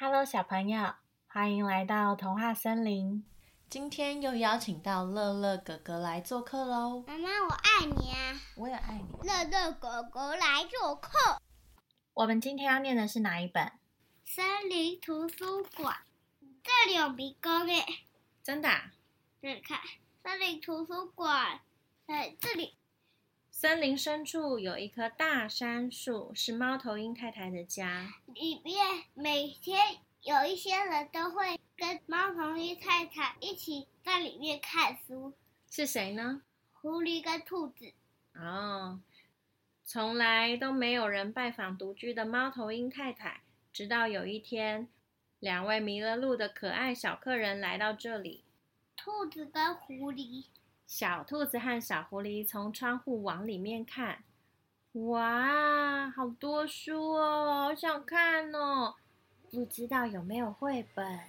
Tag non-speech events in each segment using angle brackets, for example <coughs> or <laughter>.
Hello，小朋友，歡迎來到童話森林。今天又邀請到樂樂哥哥來做客嘍！媽媽，我愛你啊。我也愛你。樂樂哥哥來做客。我們今天要念的是哪一本？森林圖書館。這裡有迷宮耶。真的啊？這裡看，森林圖書館，在這裡。森林深處有一棵大杉樹，是貓頭鷹太太的家。裡面每天有一些人都會跟貓頭鷹太太一起在裡面看書。是誰呢？狐狸跟兔子。哦，從來都沒有人拜訪獨居的貓頭鷹太太，直到有一天，兩位迷了路的可愛小客人來到這裡。兔子跟狐狸。小兔子和小狐狸從窗戶往裡面看，哇，好多書哦，好想看哦！不知道有沒有繪本？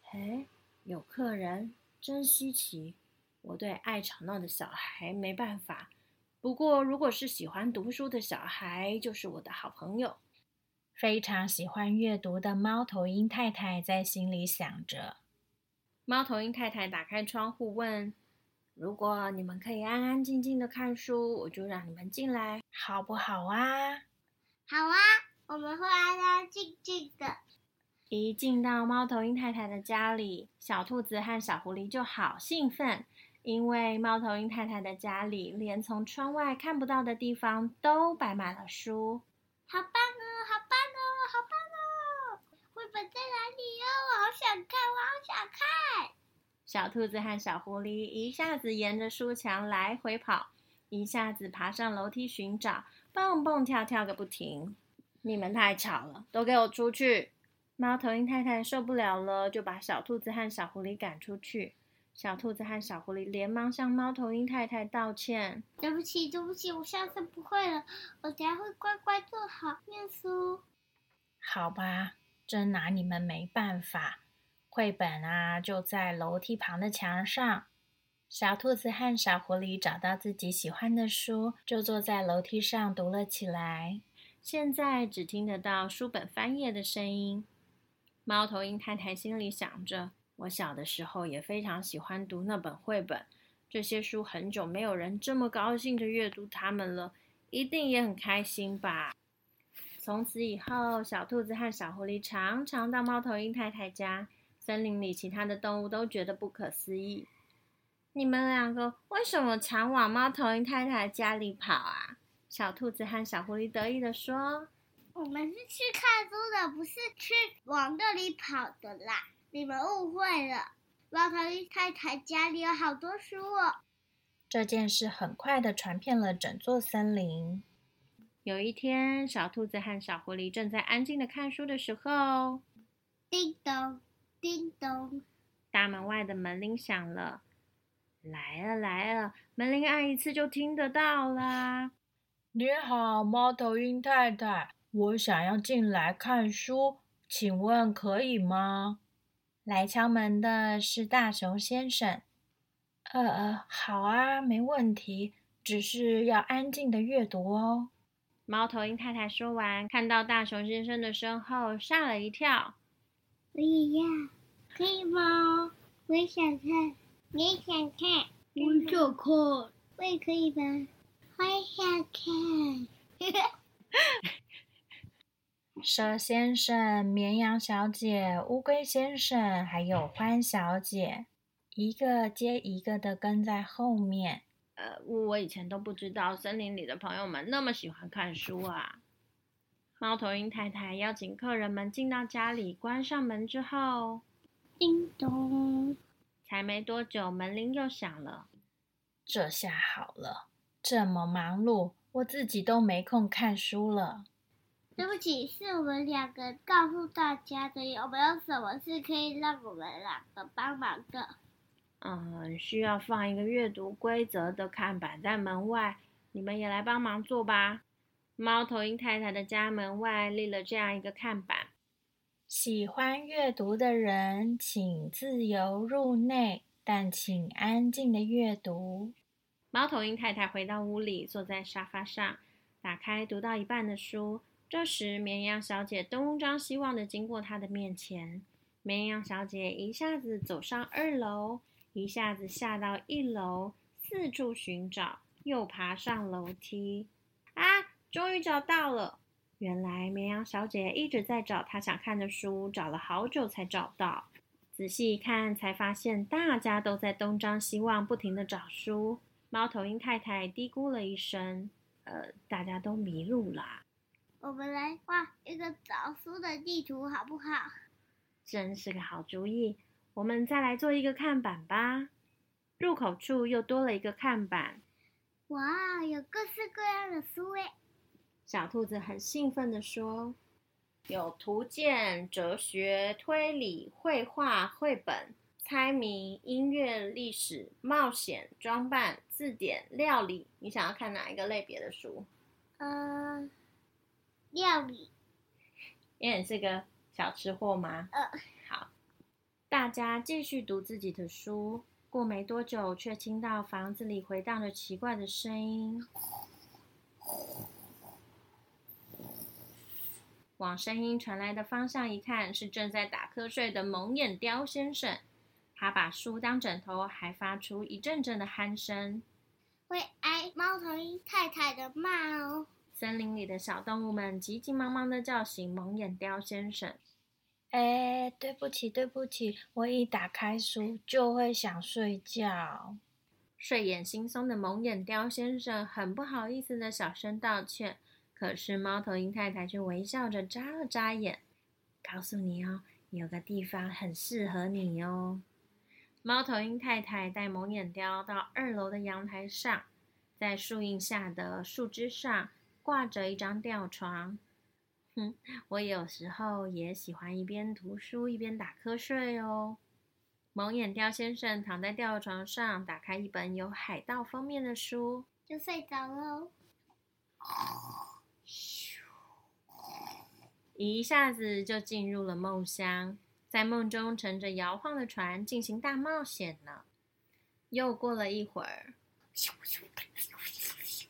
嘿，有客人，真稀奇。我對愛吵鬧的小孩沒辦法，不過如果是喜歡讀書的小孩，就是我的好朋友。非常喜歡閱讀的貓頭鷹太太在心裡想着。貓頭鷹太太打開窗戶問。如果你們可以安安靜靜的看書，我就讓你們進來，好不好啊？好啊，我們會安安靜靜的。一進到貓頭鷹太太的家裡，小兔子和小狐狸就好興奮，因為貓頭鷹太太的家裡連從窗外看不到的地方都擺滿了書。好棒哦！好棒哦！好棒哦！繪本在哪裡喲、哦？我好想看，我好想看。小兔子和小狐狸一下子沿着書牆來回跑，一下子爬上樓梯尋找，蹦蹦跳跳個不停。你們太吵了，都給我出去！貓頭鷹太太受不了了，就把小兔子和小狐狸趕出去。小兔子和小狐狸連忙向貓頭鷹太太道歉：“對不起，對不起，我下次不會了。我才會乖乖坐好念書。”好吧，真拿你們沒辦法。繪本啊，就在樓梯旁的牆上。小兔子和小狐狸找到自己喜歡的書，就坐在樓梯上讀了起來。現在只聽得到書本翻頁的聲音。貓頭鷹太太心裡想着：“我小的時候也非常喜歡讀那本繪本。這些書很久沒有人這麼高興的閱讀它們了，一定也很開心吧。”從此以後，小兔子和小狐狸常常到貓頭鷹太太家。森林裡，其他的動物都覺得不可思議。你們兩個為什麼常往貓頭鷹太太家裡跑啊？小兔子和小狐狸得意的說：“我們是去看書的，不是去往這裡跑的啦！你們誤會了。貓頭鷹太太家裡有好多書哦。”這件事很快的傳遍了整座森林。有一天，小兔子和小狐狸正在安靜的看書的時候，叮咚。叮咚！大門外的門鈴響了，來了來了！門鈴按一次就聽得到啦。你好，貓頭鷹太太，我想要進來看書，請問可以嗎？來敲門的是大熊先生。呃呃，好啊，沒問題，只是要安靜的閱讀哦。貓頭鷹太太說完，看到大熊先生的身後，嚇了一跳。我也要，可以嗎？我想看，你想看。我就看，我也可以吧？我也想看。 <laughs> 蛇先生、綿羊小姐、烏龜先生，還有歡小姐，一個接一個的跟在後面。呃，我以前都不知道森林裡的朋友們那麼喜歡看書啊。貓頭鷹太太邀請客人們進到家裡，關上門之後，叮咚，才沒多久，門鈴又響了。這下好了，這麼忙碌，我自己都沒空看書了。對不起，是我們兩個告訴大家的，有沒有什麼事可以讓我們兩個幫忙的？嗯，需要放一個閱讀規則的看板在門外，你們也來幫忙做吧。貓頭鷹太太的家門外立了這樣一個看板：“喜歡閱讀的人，請自由入內，但請安靜的閱讀。”貓頭鷹太太回到屋裡，坐在沙發上，打開讀到一半的書。這時，綿羊小姐東張西望的經過她的面前。綿羊小姐一下子走上二樓，一下子下到一樓，四處尋找，又爬上樓梯。終於找到了！原來綿羊小姐一直在找她想看的書，找了好久才找到。仔細一看，才發現大家都在東張西望，不停地找書。貓頭鷹太太嘀咕了一聲：“呃，大家都迷路了。”我們來畫一個找書的地圖，好不好？真是個好主意！我們再來做一個看板吧。入口處又多了一個看板。哇，有各式各樣的書哎！小兔子很興奮地說：“有圖鑑、哲學、推理、繪畫、繪本、猜謎、音樂、歷史、冒險、裝扮、字典、料理。你想要看哪一個類別的書？”“嗯，uh, 料理。”“因為你是個小吃貨嗎？”“呃，uh, 好。”大家繼續讀自己的書。過沒多久，卻聽到房子裡回盪着奇怪的聲音。 <coughs> 往聲音傳來的方向一看，是正在打瞌睡的蒙眼雕先生。他把書當枕頭，還發出一陣陣的鼾聲，會挨貓頭鷹太太的罵哦。森林裡的小動物們急急忙忙地叫醒蒙眼雕先生：“哎，對不起，對不起，我一打開書就會想睡覺。”睡眼惺忪的蒙眼雕先生很不好意思地小聲道歉。可是貓頭鷹太太卻微笑着眨了眨眼，告訴你哦，有個地方很適合你哦。貓頭鷹太太帶蒙眼雕到二樓的陽台上，在樹蔭下的樹枝上掛着一張吊床。哼，我有時候也喜歡一邊讀書一邊打瞌睡哦。蒙眼雕先生躺在吊床上，打開一本有海盜封面的書，就睡着了哦。一下子就進入了夢鄉，在夢中乘着搖晃的船進行大冒險了。又過了一會兒，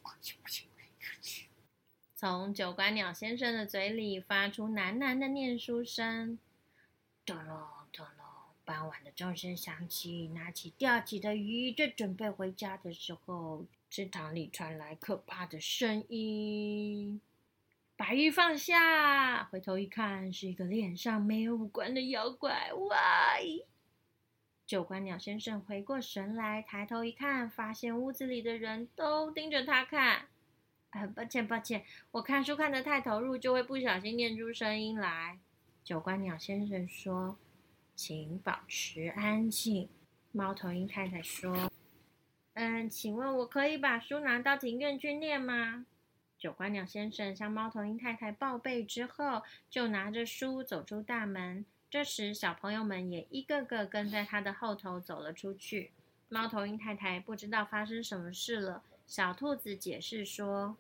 從九官鳥先生的嘴裡發出喃喃的念書聲，咚隆咚隆，傍晚的鐘聲響起。拿起釣起的魚，正準備回家的時候，池塘裡傳來可怕的聲音。把玉放下，回頭一看，是一個臉上沒有五官的妖怪。哇！九官鳥先生回過神來，抬頭一看，發現屋子裡的人都盯着他看。很、呃、抱歉，抱歉，我看書看得太投入，就會不小心念出聲音來。九官鳥先生說：“請保持安靜。”貓頭鷹太太說：“嗯，請問我可以把書拿到庭院去念嗎？”九官鳥先生向貓頭鷹太太報備之後，就拿着書走出大門。這時，小朋友們也一個個跟在他的後頭走了出去。貓頭鷹太太不知道發生什麼事了。小兔子解釋說：“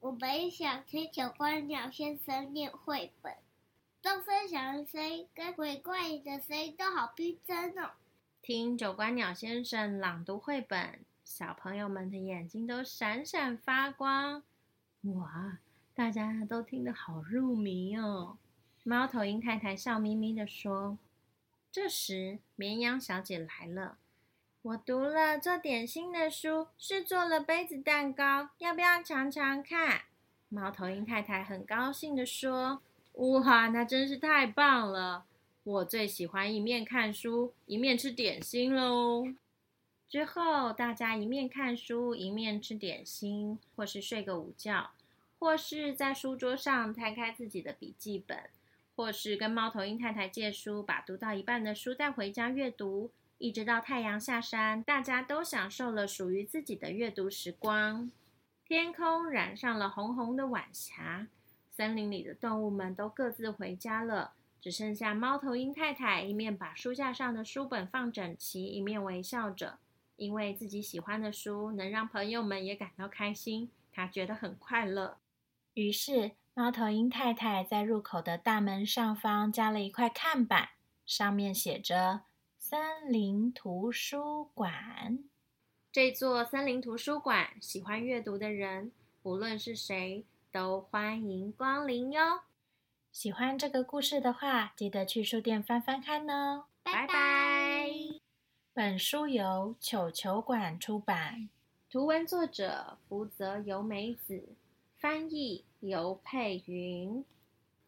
我本想聽九官鳥先生念繪本，都分享的聲音跟鬼怪的聲音都好逼真哦。”聽九官鳥先生朗讀繪本，小朋友們的眼睛都閃閃發光。哇，大家都聽得好入迷哦！貓頭鷹太太笑眯眯的說。這時，綿羊小姐來了，我讀了做點心的書，是做了杯子蛋糕，要不要嘗嘗看？貓頭鷹太太很高興的說：“哇，那真是太棒了！我最喜歡一面看書，一面吃點心嘍。”之後，大家一面看書，一面吃點心，或是睡個午覺，或是在書桌上攤開自己的筆記本，或是跟貓頭鷹太太借書，把讀到一半的書帶回家閱讀，一直到太陽下山，大家都享受了屬於自己的閱讀時光。天空染上了紅紅的晚霞，森林裡的動物們都各自回家了，只剩下貓頭鷹太太一面把書架上的書本放整齊，一面微笑着。因為自己喜歡的書能讓朋友們也感到開心，他覺得很快樂。於是，貓頭鷹太太在入口的大門上方加了一塊看板，上面寫着“森林圖書館”。這座森林圖書館，喜歡閱讀的人，無論是誰，都歡迎光臨喲。喜歡這個故事的話，記得去書店翻翻看哦。拜拜！本書由球球館出版，圖文作者福澤由美子，翻譯游珮芸。